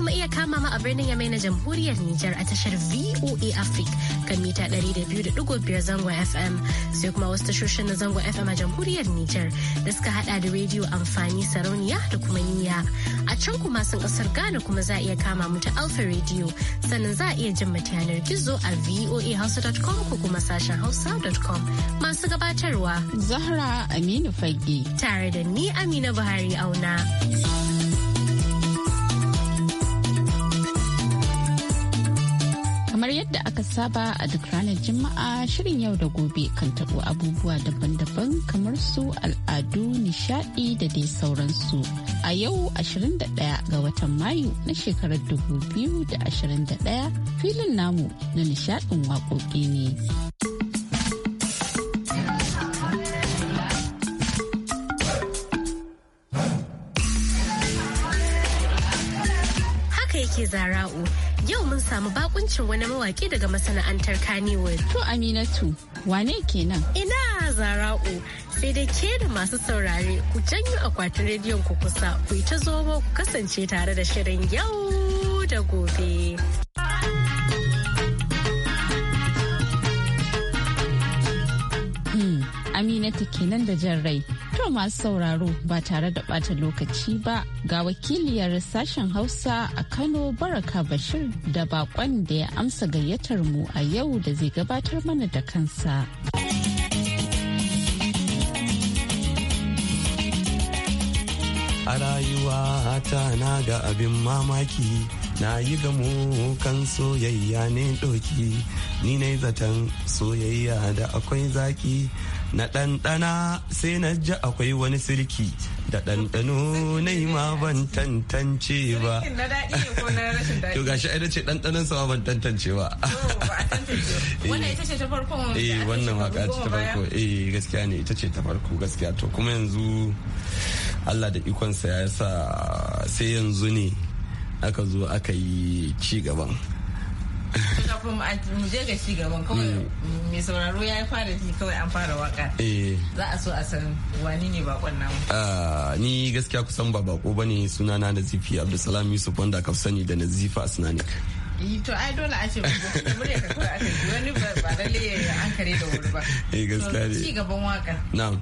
kuma iya kama ma a birnin Yamai na Jamhuriyar Nijar a tashar VOA Africa kan mita 200.5 zango FM sai kuma wasu tashoshin na zango FM a Jamhuriyar Nijar da suka hada da rediyo amfani sarauniya da kuma niya. A can kuma sun kasar Ghana kuma za a iya kama mu ta Alpha rediyo sannan za a iya jin mata yanar gizo a voahausa.com ko kuma sashen hausa.com masu gabatarwa. Zahra Aminu Fage. Tare da ni Amina Buhari auna. kamar yadda aka saba a duk ranar jima'a shirin yau da gobe kan taɓo abubuwa daban-daban kamar su al'adu, nishaɗi da dai sauransu. A yau 21 ga watan Mayu na shekarar 2021 filin namu na nishaɗin waƙoƙi ne. Haka yake zara'u. yau mun samu bakuncin wani mawaki daga masana'antar Kannywood. To Aminatu, wane kenan? Ina zara'u sai dai ke da masu saurare ku janyo akwatin rediyon ku kusa ku yi ta zomo ku kasance tare da shirin yau da gobe. Hmm, Aminatu kenan da jan rai. To masu sauraro ba tare da ɓata lokaci ba ga wakiliyar sashen Hausa a Kano Baraka Bashir da bakon da ya amsa gayyatar mu a yau da zai gabatar mana da kansa. A rayuwa ta na ga abin mamaki na yi ga kan soyayya ne doki ni ne zaton soyayya da akwai zaki. na ɗanɗana sai na ji akwai wani sirki da ɗanɗano na yi ma ban tantance ba. To gashi ai ce ɗanɗanon sa ban tantance ba. Eh. Wannan ita ce ta farko. Eh wannan waka ce ta farko. Eh gaskiya ne ita ce ta farko gaskiya to kuma yanzu Allah da ikonsa ya sa sai yanzu ne aka zo aka yi ci gaban. kafin mu je ga ci gaban kawai mm. mai sauraro ya fara ji kawai an fara waka eh. za a so a san wani ne bakon namu ah, ni gaskiya kusan ba bako bane sunana nazifi abdulsalam yusuf wanda aka sani da nazifa asnanik eh, to ai dole a ce wani ba lalle an kare da wuri ba eh gaskiya ne ci gaban waka na'am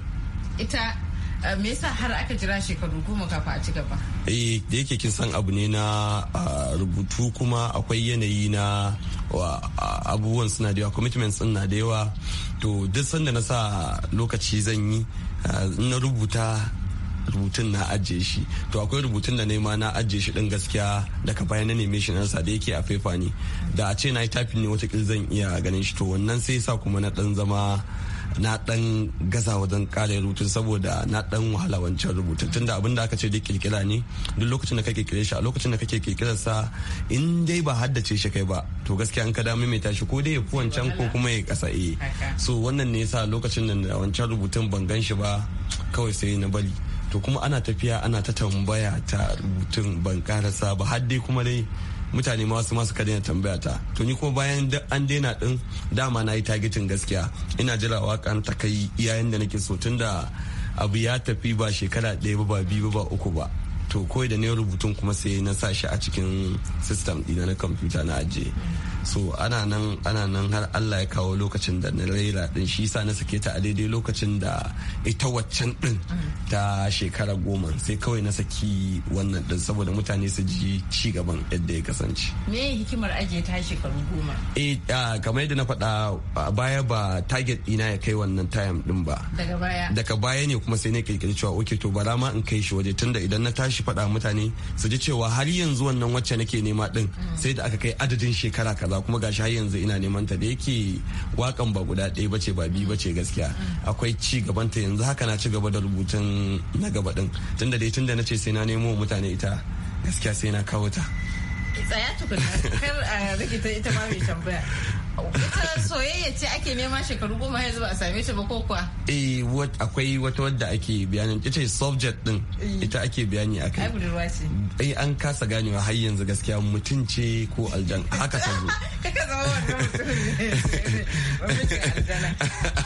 ita Eh, me yasa har aka jira shekaru goma kafa a ci gaba eh da yake kin san abu ne na rubutu kuma akwai yanayi na abubuwan suna da yawa commitments da yawa to duk sanda na sa lokaci zan yi na rubuta rubutun na ajiye shi to akwai rubutun da nema na ajiye shi din gaskiya daga baya na neme shi na sa da yake a faifa ne da a ce na yi tafi ne watakil zan iya ganin shi to wannan sai sa kuma na dan zama na dan gaza wajen kare rubutun saboda na dan wahala wancan rubutun tunda abin da aka ce duk kirkira ne duk lokacin da kake kirkira shi a lokacin da kake kirkira sa in dai ba haddace shi kai ba to gaskiya an ka da mai tashi ko dai ya fi wancan ko kuma ya kasa eh so wannan ne yasa lokacin da wancan rubutun ban gan shi ba kawai sai na bari to kuma ana tafiya ana ta tambaya ta rubutun ban karasa ba har dai kuma dai mutane ma wasu masu daina tambaya ta to ni kuma bayan an daina din dama na yi tagitin gaskiya ina jira wakan ta kai iyayen da nake so tun da abu ya tafi ba shekara ɗaya ba ba biyu ba uku ba to kawai da ne rubutun kuma sai na sa shi a cikin system dina na kwamfuta na ajiye so ana nan ana nan har allah ya kawo lokacin da na raira din shi sa na sake ta a daidai lokacin da ita waccan din ta shekara goma sai kawai na saki wannan din saboda mutane su ji ci gaban yadda ya kasance me hikimar ajiye ta shekaru goma eh kamar yadda na faɗa a baya ba target ɗina ya kai wannan time din ba daga baya daga baya ne kuma sai na kirkiri cewa oke to bara ma in kai shi waje tunda idan na tashi faɗa mutane su ji cewa har yanzu wannan wacce nake nema din mm. sai da aka kai adadin shekara kaza kuma gashi har yanzu ina neman ta da yake wakan ba guda ɗaya bace ba biyu bace gaskiya akwai ci gaban ta yanzu haka na ci gaba da rubutun na gaba din tunda dai tunda ce sai na nemo mutane ita gaskiya sai na kawo ta tsaya tukuna kar eh, a rike ita ma mai tambaya ita soyayya ce ake nema shekaru goma yanzu ba a same ta ba ko kuwa eh, akwai wata wadda ake bayani ita subject din eh. ita ake bayani akai ai ce an kasa ganewa har yanzu gaskiya mutum ce ko aljan haka ta zo kaka zama wannan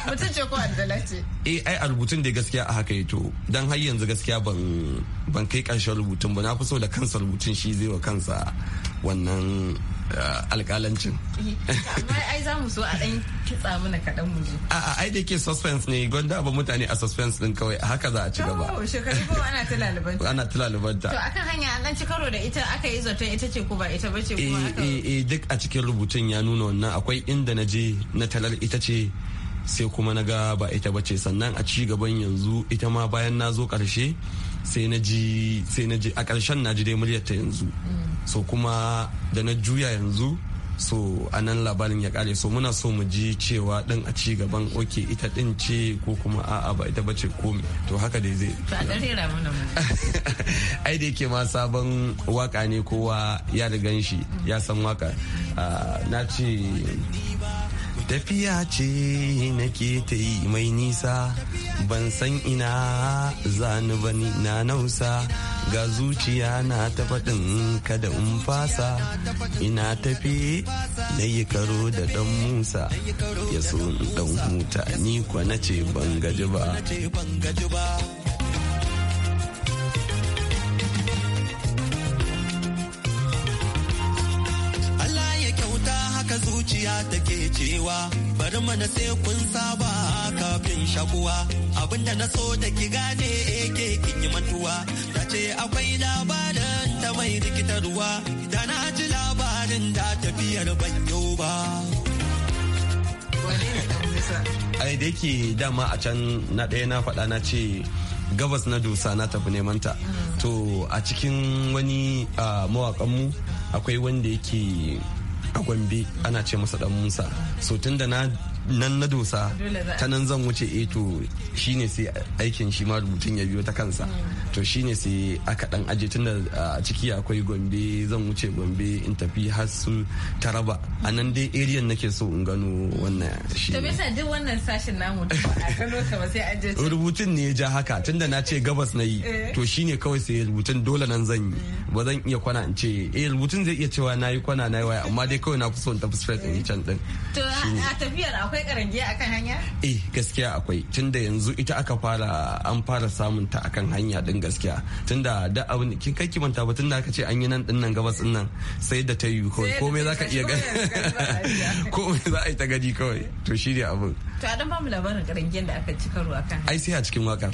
mutum ce ko aljana ce eh ai a rubutun da gaskiya a haka yato dan har yanzu gaskiya ban ban kai karshen rubutun ba na fi so da kansa rubutun shi zai wa kansa wannan eh, alkalancin. Amma ai za mu so a ɗan kitsa mana kaɗan mu je. A'a ai da ke suspense ne gwanda ba mutane a suspense ɗin kawai haka za a ci gaba. Oh shekaru kuma ana ta lalubanta. Ana ta lalubanta. To akan hanya an ɗan ci karo da ita aka yi zaton ita ce ko ba ita ba ce kuma eh, aka. Eh eh duk a cikin rubutun ya nuna wannan akwai inda na je na talar ita ce sai kuma na ga ba ita ba ce sannan a ci gaban yanzu ita ma bayan na zo ƙarshe. sai na ji a ƙarshen na ji dai muryar ta yanzu so kuma da na juya yanzu so a nan labarin ya kare so muna so mu ji cewa din a ci gaban oke ita din ce ko kuma a'a ba ita bace komi to haka dai zai ai da yake ma sabon waka ne kowa ya gan shi ya san waka ah, na ce tafiya ce nake ta yi mai nisa ban san ina zani bani na nausa ga zuciya na ta faɗin kada in fasa ina tafi na yi karo da ɗan musa ya so ɗan huta ni kwa na ce ban gaji ba zuciya take cewa bari mana sai kun saba kafin shakuwa abinda na so da ki gane ake eh, kin yi mantuwa ta ce akwai labarin ta mai rikitarwa da na ji labarin da tafiyar banyo ba ai da yake dama a can na ɗaya na faɗa na ce gabas na dusa na tafi neman ta mm. to a cikin wani ah, mawakanmu akwai wanda yake a gombe ana ce masa dan musa so tun da na nan na dosa ta nan zan wuce eh to shine sai aikin shi ma rubutun ya biyo ta kansa hmm. to shine sai aka dan aje tun da a ciki akwai gombe zan wuce gombe in tafi har su taraba a nan dai area nake so in gano wannan shi to bisa duk wannan sashin namu da a gano ka ba sai aje rubutun ne ya ja haka tunda na ce gabas na yi eh. to shine kawai sai rubutun dole nan zan yi hmm. ba zan iya kwana in ce eh rubutun zai iya cewa na yi kwana na yi waya amma dai kawai na fi son in tafi spread in can din to a tafiyar akwai karange akan hanya? Eh gaskiya akwai tunda yanzu ita aka fara an fara samun ta akan hanya din gaskiya tunda da abin kin kai kimanta ba tunda aka ce an yi nan din nan gabas din nan sai da ta yi kawai za zaka iya gani me za a yi ta gani kawai to shi ne abin. To a dan ba mu labarin karangen da aka ci karo akan. Ai sai a cikin wakar.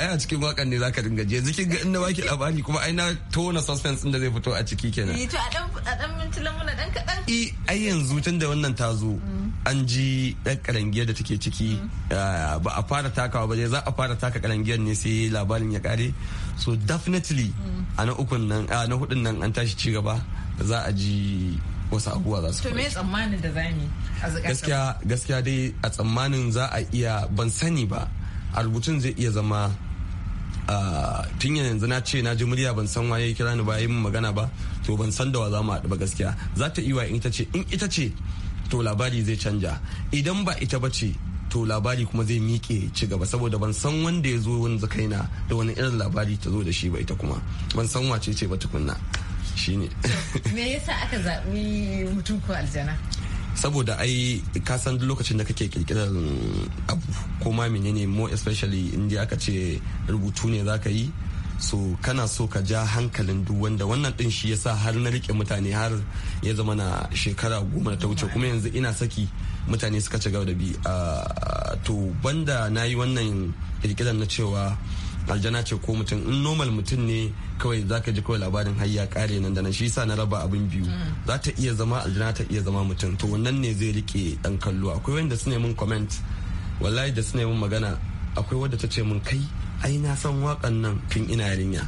ai a cikin wakan ne zaka dinga je zikin ga inda baki labari kuma ai na tona suspense inda da zai fito a ciki kenan. Eh to a dan a dan mintila muna dan kadan. Eh ai yanzu tunda wannan ta zo. Mm. an ji ɗan karangiyar da take ciki mm. ba a fara takawa ba zai za a fara taka karangiyar ne sai labarin ya kare so definitely mm. a na ukun nan a na hudun nan an tashi ci gaba za a ji wasu abubuwa za su to me tsammanin da zani gaskiya gaskiya dai a tsammanin za a iya ban sani ba a rubutun zai iya zama tun yanzu na ce na ji murya ban san waye kira ni ba yi magana ba to ban san da wa za mu haɗu ba gaskiya za ta iya in ita ce in ita ce to labari zai canja idan ba ita ba ce to labari kuma zai miƙe ci gaba saboda ban san wanda ya zo wani zakaina da wani irin labari ta zo da shi ba ita kuma ban san wace ce ba tukunna shine me yasa aka zaɓi mutum ko aljana saboda ai ka san lokacin da kake kirkirar abu ko ma menene mo especially in aka ce rubutu ne zaka yi so kana so ka ja hankalin duk wanda wannan din shi yasa har na rike mutane har ya zama na shekara goma da ta wuce kuma yanzu ina saki mutane suka ci gaba da bi ah, to banda na yi wannan kirkirar na cewa aljana ce ko mutum in normal mutum ne kawai za ka ji kawai labarin har ya kare nan da nan shi sa na raba abin biyu za ta iya zama aljana ta iya zama mutum to wannan ne zai rike dan kallo akwai wanda su ne mun comment wallahi da su ne mun magana akwai wadda ta ce mun kai ai na san wakan nan tun ina yarinya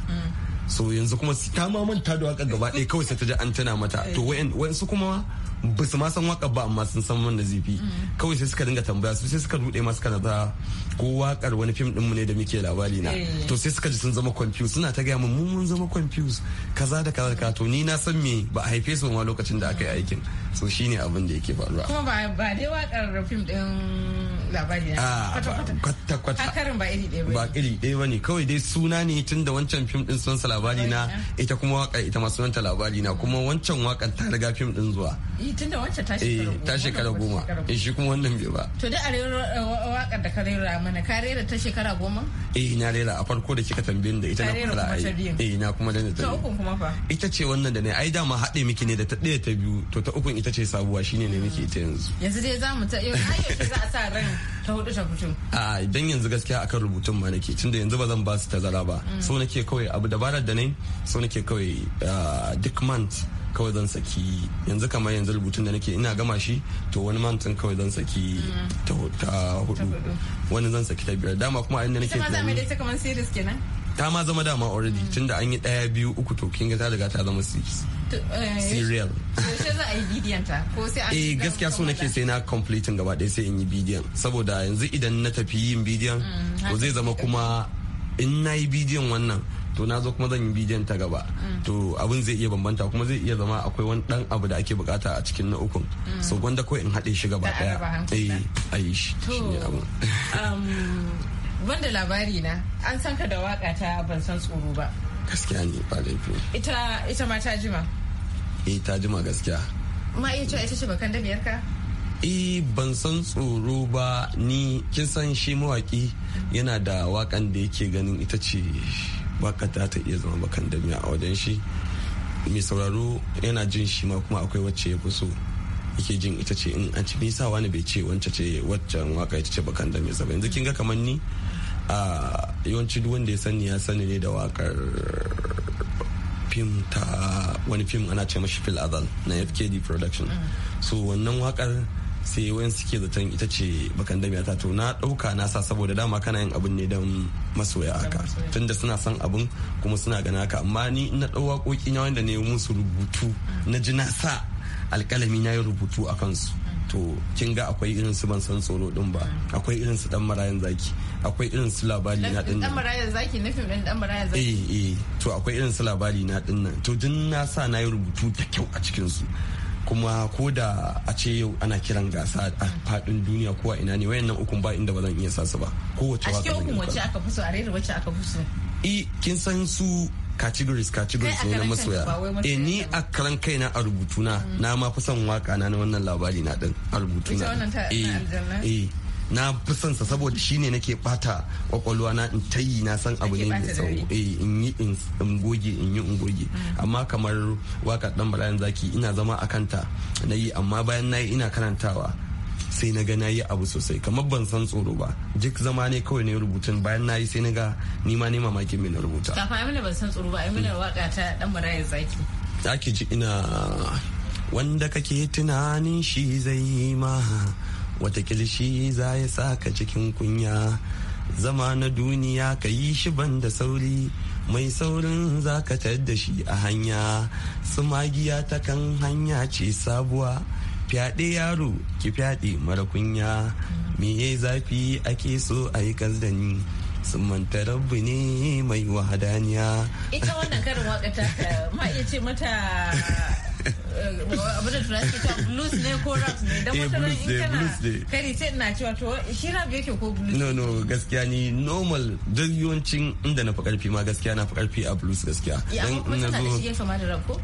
so yanzu kuma ta ma manta da wakan gaba ɗaya kawai sai ta ji an tana mata to wayansu kuma ba su ma san waƙar ba amma sun san wanda zifi kawai sai suka dinga tambaya su sai suka rude ma suka naza ko wakar wani fim din mu ne da muke labari na eh. to sai suka ji sun zama confused suna ta gaya mun mun zama confused kaza da kaza da kaza to ni na san me ba a haife su ma lokacin da aka yi aikin so shi ne abin da yake faruwa kuma ba ba dai wakar fim din labari na ah, kwata kwata karin ba iri ɗaya ba iri ɗaya bane kawai dai suna ne tun da wancan fim din sunansa labari na ita kuma waka ita ma sunanta labari na kuma wancan wakan ta riga fim din zuwa tun da wancan ta eh, shekara goma in eh, shi kuma wannan bai ba to da a eh, wakar da ka rera mana ka rera ta shekara goma eh na rera a farko da kika tambayin da ita na fara eh na kuma da ta uku kuma fa ita ce wannan da ne ai dama haɗe miki ne da ta ɗaya ta biyu to ta uku ita ce sabuwa shine ne muke ita yanzu yanzu dai za mu ta eh, yau za a sa ran ta hudu ta fito a dan yanzu gaskiya akan rubutun ma nake tunda yanzu ba zan ba su tazara ba mm. so nake kawai abu dabarar da nai so nake kawai duk month kawai zan saki yanzu kamar yanzu rubutun da nake ina gama shi to wani mantin kawai zan saki mm. ta hudu wani zan saki ta biyar dama kuma inda nake tunani ta ma zama dama already mm. tunda an yi daya biyu uku to kin ga ta riga ta zama series Eh, serial yaushe za a yi bidiyon ta ko sai an eh gaskiya so nake sai na completing gaba ɗaya sai in yi bidiyon saboda yanzu idan na tafi yin bidiyon mm, to zai zama kuma in na yi bidiyon wannan to na zo kuma zan yi bidiyon ta gaba mm. to abin zai iya bambanta kuma zai iya zama akwai wani dan abu da ake bukata a cikin na ukun mm. so gwanda kawai in haɗe shi gaba ɗaya. eh a yi shi ne abin um, banda labari na an san ka da waka ta ban san tsoro ba gaskiya ne ba laifi ita ita ma ta jima eh ta jima gaskiya ma iya cewa ita ce bakan biyar ka eh ban san tsoro ba ni kin san shi mawaki yana da wakan da yake ganin ita ce baka ta ta iya zama bakan damiya a wajen shi mai sauraro yana jin shi ma kuma akwai wacce ya fi so yake jin ita ce in an ci nisa wani bai ce wancan ce waccan waka ita ce bakan damiya yanzu kin ga kamar ni a ah, yawanci duk wanda ya sani ya sani ne da wakar fim ta wani fim ana ce mashi fil azal na fkd production mm. so wannan wakar sai wayan suke zaton ita ce bakan damiya ta to na ɗauka na sa saboda dama kana yin abun ne don masoya aka tunda suna son abun kuma suna gana haka amma ni na dau waƙoƙi na wanda ne musu rubutu mm. na ji na sa alkalami na yi rubutu a kansu mm. to kin ga akwai irin su ban san tsoro din ba akwai irin su dan marayan zaki akwai irin su labari na din dan marayan zaki na fim din dan marayan zaki eh eh to akwai irin su labari na din nan to din na sa na yi rubutu da kyau a cikin su kuma ko da a ce yau ana kiran gasa a fadin duniya ko a ina ne wayannan ukun ba inda ba zan iya sa su ba kowace waka a cikin ukun wacce aka fi so a rera wacce aka fi so i eh, kin san su categories categories ne na masoya eh ni a karan kaina a rubutuna mm. na ma fi son waka na wannan labari na din a rubutuna eh, eh na fi son sa saboda shine nake bata kwakwalwa na in tayi na san abu ne mai tsawo eh in yi in goge in yi in goge mm. amma kamar waka dan barayan zaki ina zama a kanta na amma bayan na yi ina karantawa sai na ga na yi abu sosai kamar ban san tsoro ba duk zama ne kawai na rubutun bayan na yi sai na ga ni ma ne mamakin me na rubuta kafin ai mana ban san tsoro ba ai mana waka ta dan maraya zaki zaki ji ina wanda kake tunanin shi zai yi ma wata kilishi za ya saka cikin kunya zama na duniya ka yi shi ban da sauri mai saurin zakatar da shi a hanya su magiya ta kan hanya ce sabuwa fyaɗe yaro ki fyaɗe mara kunya me zafi ake so a yi ni sun manta rabu ne mai wahadaniya ita wannan karin waka ta ma iya ce mata abin da turanci ta blues ne ko rap ne don eh, wata ran in kana kari sai ina cewa to shi rap yake ko blues no no gaskiya ni normal duk yawancin inda na fi karfi ma gaskiya na fi karfi a blues gaskiya ya amma kuma da shi gefe fama da rap ko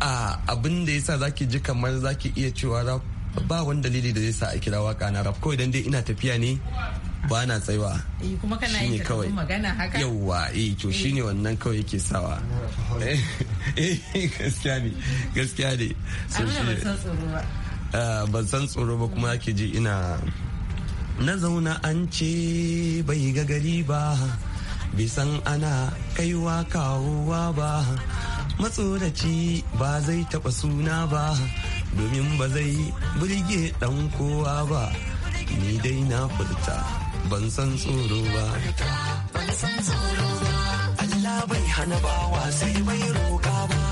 a abin da yasa zaki ji kamar zaki iya cewa rap ba wani dalili da zai sa a kira waka na rap kawai dan dai ina tafiya ne ba na tsaiwa eh, kuma ne kawai magana haka yawwa eh to eh. ne wannan kawai yake sawa eh, gaskiya ne gaskiya ne so ban san tsoro ba kuma yake ji ina na zauna an ce bai ga gari ba bisan ana kaiwa kawowa ba matsoraci ba zai taɓa suna ba domin ba zai burge dan kowa ba ni dai na furta ban san tsoro ba Allah bai hana bawa sai bai roka ba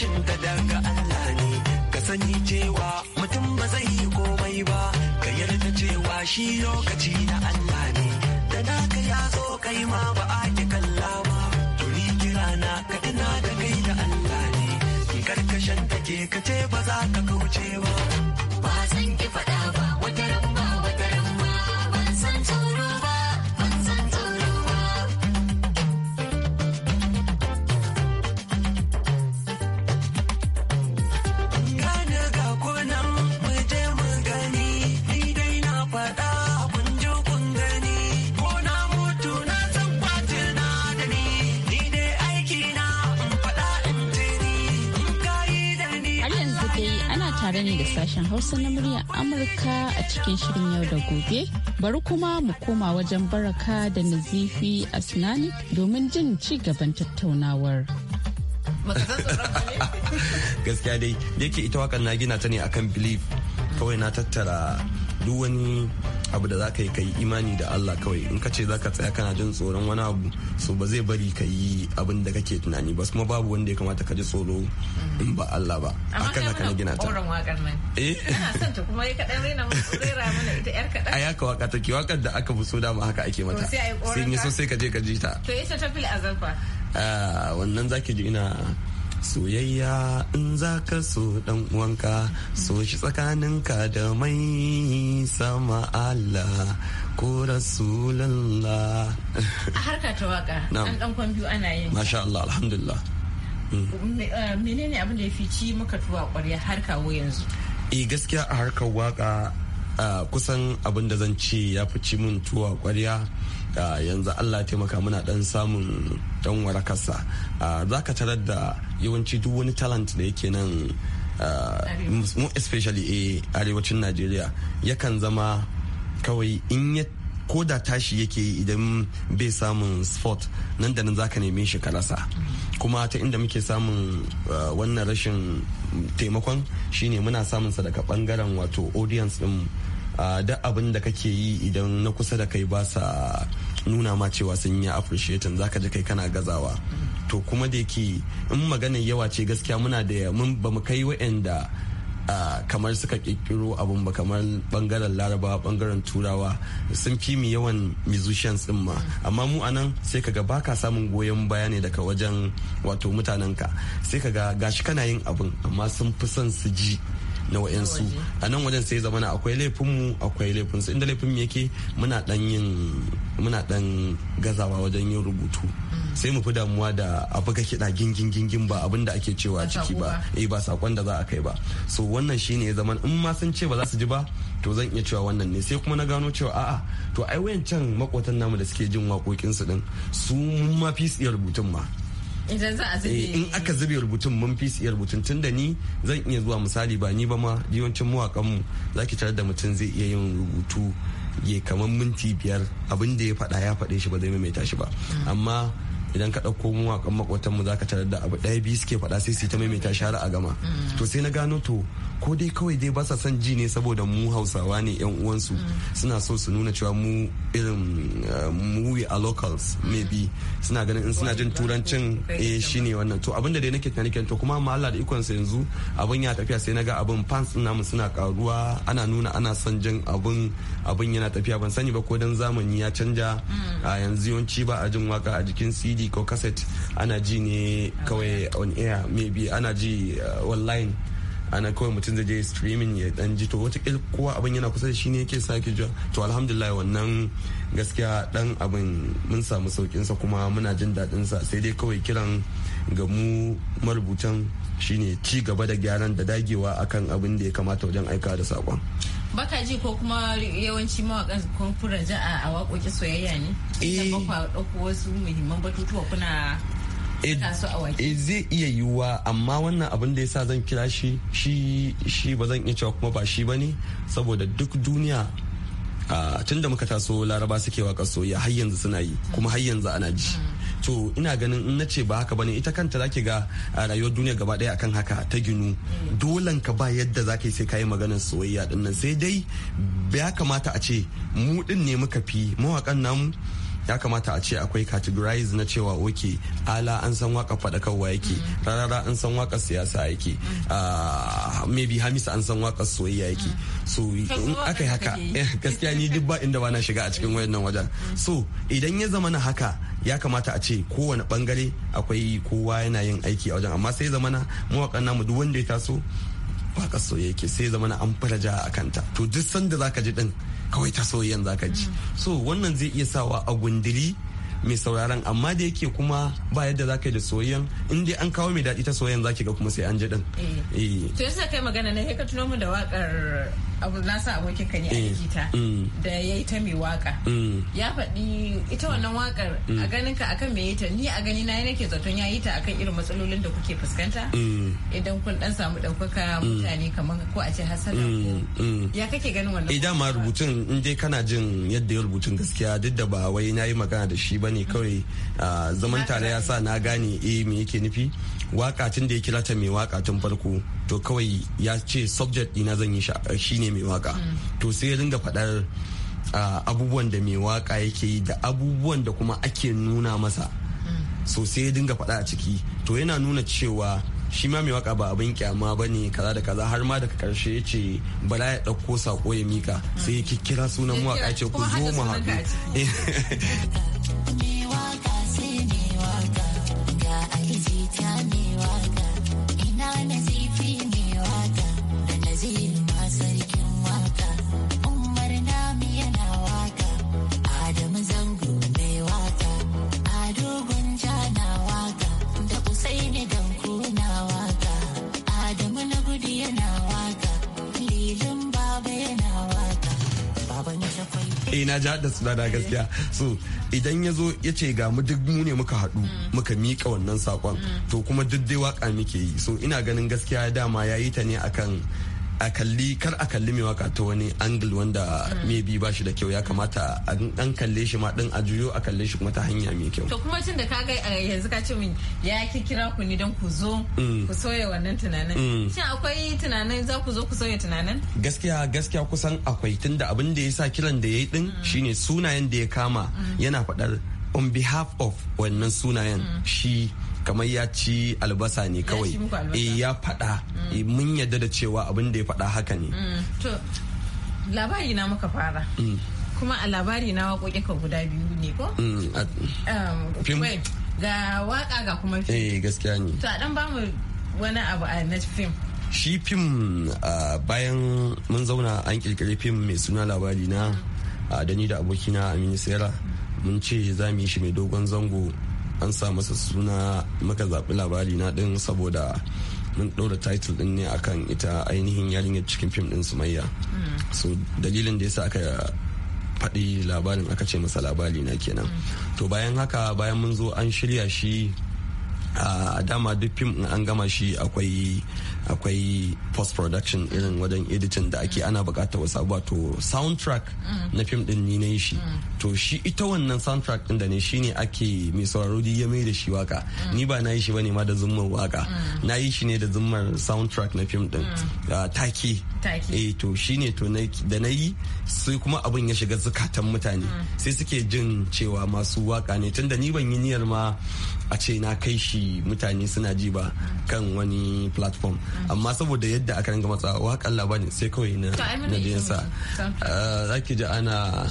rashin ta daga Allah ne ka sani cewa mutum ba zai yi komai ba ka yarda cewa shi lokaci na Allah ne da naka ya zo kai ma ba a ki kalla ba turi kira na ka tuna da kai da Allah ne karkashin take ka ce ba za ka kauce ba ba zan ki faɗa ba wata sashen Hausa na muryar Amurka a cikin shirin yau da gobe. Bari kuma mu koma wajen baraka da nazifi Asnani domin jin ci gaban tattaunawar. Gaskiya dai, yake ita wakan na gina ta ne akan belief kawai na tattara duk wani abu da za ka yi ka yi imani da Allah kawai in ka ce za ka tsaya kana jin tsoron wani abu so ba zai bari ka yi abin da kake tunani ba kuma babu wanda ya kamata ka ji tsoro in ba Allah ba haka zaka na gina ta eh ina son ta kuma ka dan rena mana ita yar kadan ai haka waka take wakar da aka buso so dama haka ake mata sai in yi so sai ka je ka ji ta to ita ta fil azalfa ah, wannan zaki ji ina soyayya in za ka so dan uwanka so shi tsakaninka da mai sama Allah ko rasulallah a harka ta waka an dan kwan biyu ana yin masha Allah alhamdulillah mm. Mm, eh, menene abin da ya fi ci maka tuwa kwarya harka wo yanzu eh gaskiya a harkar waka kusan abin da zan ce ya ci mun tuwa kwarya yanzu allah taimaka muna dan samun dan warakarsa za ka tarar da yawanci duk wani talent da yake nan mu especially a eh, arewacin najeriya yakan zama kawai in ya ko da tashi yake yi idan bai samun sport nan da nan za ka neme shi ka rasa kuma ta inda muke samun wannan rashin taimakon shine muna samun sa daga bangaren wato audience din ah, da abin da kake yi idan na kusa da kai ba sa nuna ma cewa sun yi appreciating zaka ji kai kana gazawa to kuma da yake in maganar yawa ce gaskiya muna da mun ba mu kai wa'anda Ah, kamar suka kirkiro abin ba kamar bangaren laraba bangaren turawa sun fi mu yawan musicians din ma amma mu anan sai kaga baka samun goyon baya ne daga wajen wato mutanen ka sai kaga gashi kana yin abin amma sun fi son su ji na wa'yansu a nan wajen sai zama na akwai laifinmu akwai laifin su inda laifin yake muna dan yin muna dan gazawa wajen yin rubutu sai mu fi damuwa da abu ka kiɗa gingin gingin ba abin da ake cewa ciki ba eh ba sakon da za a kai ba so wannan shine ya zama in ma sun ce ba za su ji ba to zan iya cewa wannan ne sai kuma na gano cewa a'a to ai wayancan makotan namu da suke jin waƙoƙinsu din su ma fi tsiyar rubutun ma Eh, in aka zube rubutun mun fi iya rubutun tun da ni zan iya zuwa misali ba ni ba ma yawancin mawakanmu mu zaki tarar da mutum zai iya yin rubutu ya kamar minti biyar abin da ya faɗa ya faɗe shi ba zai maimaita shi ba amma idan ka ɗauko mu waƙan mu zaka tarar da abu ɗaya biyu suke faɗa sai su ta maimaita shara a gama mm. to sai na gano to ko dai kawai dai ba sa son ji ne saboda mu hausawa ne yan uwansu suna so su nuna cewa mu irin eh, mu a locals maybe suna ganin in suna jin turancin eh shine wannan to abin da dai nake tunani to kuma ma Allah da ikon sa yanzu abin ya tafiya sai naga abin fans din namu suna karuwa ana nuna ana son jin abin abin yana tafiya ban sani ba ko dan zamani ya canja mm. a yanzu yawanci ba a jin waka a jikin CD ko cassette ana ji ne kawai on air maybe ana ji eh, online ana kawai mutum zai je streaming ya dan ji to wataƙil kowa abin yana kusa da shi ne yake sake jiwa to alhamdulillah wannan gaskiya dan abin mun samu saukin sa kuma muna jin daɗin sa sai dai kawai kiran ga mu marubutan shine ci gaba da gyaran da dagewa akan abin da ya kamata wajen aika da saƙon. baka ji ko kuma yawanci mawakan kun fura ja'a a waƙoƙi soyayya ne? Eh. Ba ku wasu muhimman batutuwa kuna zai iya yiwuwa amma wannan abin da ya sa zan kira shi shi ba zan iya cewa kuma ba shi ba ne saboda duk duniya tun da muka taso laraba suke waka soyayya har yanzu suna yi kuma har yanzu ana ji mm. to ina ganin in nace ba haka bane ita kanta zaki ga rayuwar duniya gaba daya akan haka ta ginu mm. dolan ka ba yadda zaka yi sai kai maganar soyayya dinnan sai dai ya kamata a ce mu din ne muka fi mawakan namu ya kamata a ce akwai categorize na cewa oke ala an san waka fada faɗakarwa yake rarara an san waka siyasa yake ah, maybe hamis an san waka soyayya yake so in aka haka gaskiya ni duk inda ba na shiga a cikin wayannan wajen so idan ya zamana haka ya kamata a ce kowane bangare akwai kowa yana yin aiki a wajen amma sai zamana mawakan namu duk wanda ya taso waka soyayya yake sai zamana an faraja a kanta to duk sanda zaka ji din kawai ta soyayyan zaka ji so wannan zai iya sawa a gundiri mai sauraron amma da yake kuma ba yadda za ka yi da soyayyan in dai an kawo mai daɗi ta soyayyan za ga kuma sai an ji din. Eh. Eh. to yasa kai magana na ka tuno mu da wakar na sa abokin ka yi a eh, ta mm. da ya yi ta mai waka mm. ya faɗi ita wannan wakar mm. a ganin ka akan me ta ni a gani na nake zaton ya yi ta akan irin matsalolin da kuke fuskanta idan kun dan samu ɗaukaka mutane kamar ko a ce hasala ko ya kake ganin wannan idan eh, ma rubutun in dai kana jin yadda ya rubutun gaskiya duk da ba wai na yi magana da shi ba ne kawai ah, zaman tare ya sa na gane eh me yake nufi waka tun da ya kira ta mai waka tun farko to kawai ya ce subject dina zan yi shi eh, ne mai waka hmm. to sai ya ringa faɗar abubuwan da mai waka yake yi da abubuwan da kuma ake nuna masa hmm. so sai ya dinga faɗa a ciki to yana nuna cewa shi ma mai waka ba abin kyama ba ne kaza da kaza har ma daga karshe ya ce bala ya ɗauko sako ya mika sai ya kikkira hmm. sunan mawaka ya ce ku zo mu haɗu na ji haɗa da gaskiya so idan ya zo ya ce ga mu duk mu ne muka haɗu muka mika wannan sakon to kuma duk dai waka muke yi so ina ganin gaskiya dama ya yi ta ne akan a kalli kar a kalli mai waka ta wani angle wanda mm. maybe ba shi da kyau ya kamata an kalle shi ma din a juyo a kalle shi kuma ta hanya mai kyau to kuma tun da kaga yanzu ka ce min ya ki kira ku ni don ku zo mm. ku sauya wannan tunanin mm. shin akwai tunanin za ku zo ku sauya tunanin gaskiya gaskiya kusan akwai tunda abin da ya sa kiran da yayi din shine sunayen da ya kama yana faɗar on behalf of wannan sunayen shi kamar ya ci albasa ne kawai eh ya faɗa mm. eh, mun yadda da cewa abin da ya faɗa haka ne mm. to labari na muka fara mm. kuma a labari na waƙoƙi ka guda biyu ne ko um, ga waka ga kuma fim eh gaskiya ne to a dan ba mu wani abu a net film shi fim bayan mun zauna an kirkiri fim mai suna labari na da ni da abokina aminu minisera mun ce za mu yi shi mai dogon zango an sa masa suna maka zaɓi labari na ɗin saboda mun ɗora title ɗin ne akan ita ainihin yarinyar cikin fim ɗin sumayya hmm. so dalilin da yasa aka faɗi labarin aka ce masa labari na kenan hmm. to bayan haka bayan mun zo an shirya shi a dama duk fim in an gama shi akwai akwai post production irin wajen editing da ake ana bukata wasu abuwa to soundtrack mm-hmm. na fim din ni na yi shi mm. to shi ita wannan soundtrack din da ne shi ne ake mai sauraro ya mai da shi waka mm. ni ba na yi shi bane ma da zummar waka mm. na yi shi ne da zummar soundtrack na fim din ah, take eh to shi ne to da na yi sai kuma abin ya shiga zukatan mutane sai suke jin cewa masu waka ne tunda ni ban yi niyyar ma a ce na kai shi mutane suna ji ba kan wani platform amma saboda yadda aka ringa matsa wakan labarin sai kawai na jinsa ah, za ki ji ana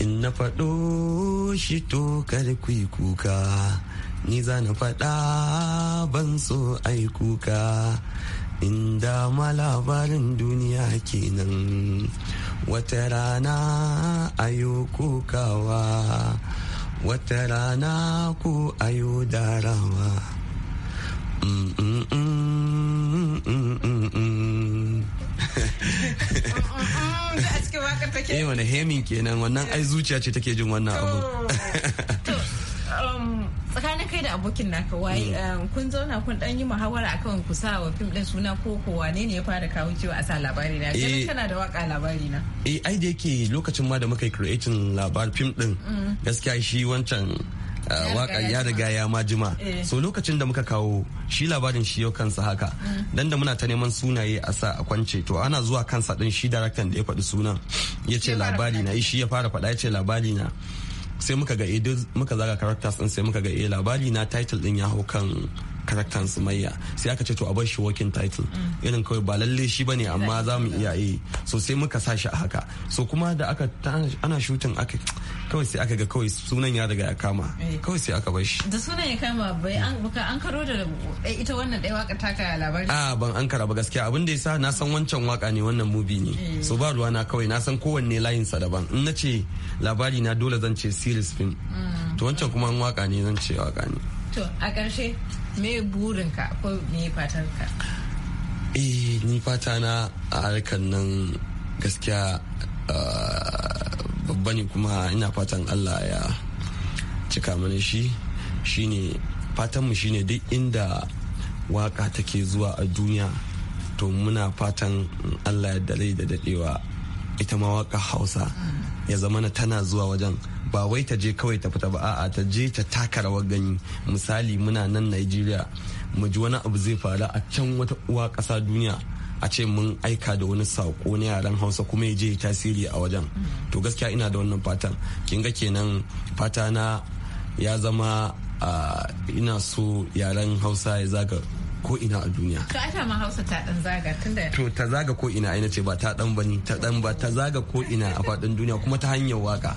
in na faɗo shi to karku kuka ni za na faɗa ban so ai kuka inda ma labarin duniya kenan wata rana ayo kokawa wata rana ku ayo da rama mm, mm, mm, eh wani hemin kenan wannan ai zuciya ce take jin wannan abu Um, tsakanin kai da abokin na wai mm. um, kun zauna kun dan yi muhawara a kan sa wa fim din suna ko ko wane ne ya fara kawo cewa a sa labari na ganin eh. kana da waka labari na eh ai da yake lokacin ma da muka yi creating labar fim din mm. gaskiya shi wancan waka uh, ya riga ya ma jima eh. so lokacin da muka kawo shi labarin shi yau kansa haka mm. dan da muna ta neman sunaye a sa a kwance to ana zuwa kansa din shi director da ya faɗi sunan yace ce labari na eh, shi ya fara faɗa yace ce labari na sai muka ga muka zaga characters din sai muka ga eh labari na title din ya hau kan karaktan maiya sai aka ce to a bar shi working title irin kawai ba lalle shi bane amma za mu iya yi so sai muka sa shi a haka so kuma da aka ana shooting aka kawai sai aka ga kawai sunan ya daga ya kama eh. kawai sai aka bar shi da sunan ya kama bai an buka an karo da eh, ita wannan dai waka taka labari a ban an kara ba gaskiya abin da yasa na san wancan waka ne wannan movie ne eh. so ba ruwa na kawai na san kowanne layin sa daban in na ce labari na dole zan ce series film mm. to wancan kuma an waka ne zan ce waka ne to a ƙarshe me burinka ko me fatanka eh ni fata na a harkar nan gaskiya ah, babba ne kuma ina fatan allah ya cika mana shi shine fatanmu shine duk inda waka take zuwa a duniya to muna fatan allah ya dalai da dadewa ita ma waka hausa ya zamana tana zuwa wajen ba wai ta je kawai ta fita ba a'a ta je ta taka rawar gani misali muna nan Najeriya mu ji wani abu zai faru a can wata uwa ƙasa duniya a ce mun aika da wani saƙo na yaren hausa kuma ya je tasiri a wajen to gaskiya ina da wannan fatan kin ga kenan fata na ya zama ah, ina so yaren hausa ya zaga ko ina a duniya to ata ma hausa ta dan zaga tunda to ta zaga ko ina ina ce ba ta dan bani ta dan ba ta zaga ko ina a faɗin duniya kuma ta hanyar waka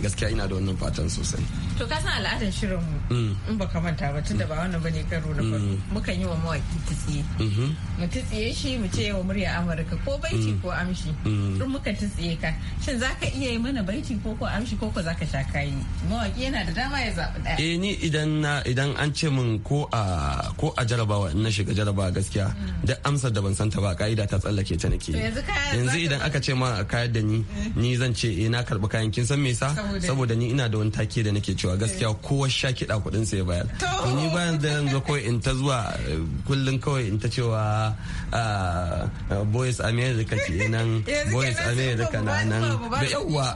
gaskiya ina da wannan fatan sosai To ka san al'adar shirin mu mm. in ba ka manta ba tunda ba wannan bane karo na farko mm. mukan yi wa mawaki tsiye. Mm-hmm. Mu tsiye shi mu ce wa murya Amurka ko baiti mm. ko amshi. In muka tsiye ka shin za ka iya yi mana baiti ko ko amshi ko ko za ka sha kayi. Mawaki yana da dama ya zaɓi ɗaya. Eh ni idan na idan an ce min ko a ko a jarabawa in na shiga jarabawa gaskiya da amsar da ban san ta ba ka'ida ta tsallake ta nake. Yanzu idan aka ce ma kayar da ni ni zan ce eh na karɓi kayan kin san me yasa saboda ni ina da wani take da nake cewa cewa gaskiya kowa sha kiɗa kuɗin sai bayar to ni bayan da yanzu kawai in ta zuwa eh, kullum kawai in ta cewa ah, ah, boys america ce nan boys america na nan da yawa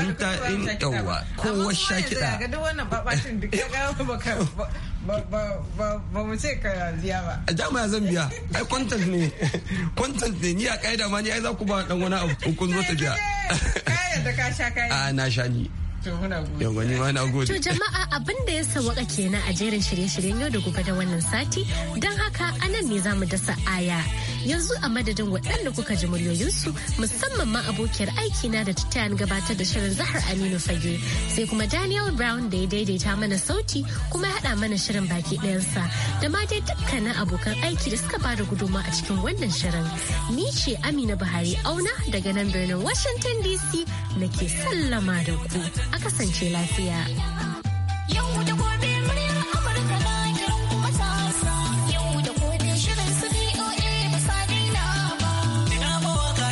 in ta in yawa kowa sha kiɗa ba mu ce ka biya ba. A dama zan biya, ai content ne, content ne, ni a ƙa'ida ma ni ai za ku ba dan wani abu kun zo ta biya. Kayan da ka sha kayan. A ah, na sha ni. Yau gani ma na gode. To jama'a abin da ya sawaka kenan a jerin shirye-shiryen yau da gobe da wannan sati don haka anan ne za mu dasa aya. yanzu a madadin waɗanda kuka ji muryoyinsu musamman ma abokiyar na da titan gabatar da shirin zahar aminu fage sai kuma daniel brown da ya daidaita mana sauti kuma ya haɗa mana shirin baki ɗayansa da ma dai dukkanin abokan aiki da suka ba da guduma a cikin wannan shirin ni ce amina buhari auna daga nan birnin washington dc nake sallama da ku a kasance lafiya. Yau da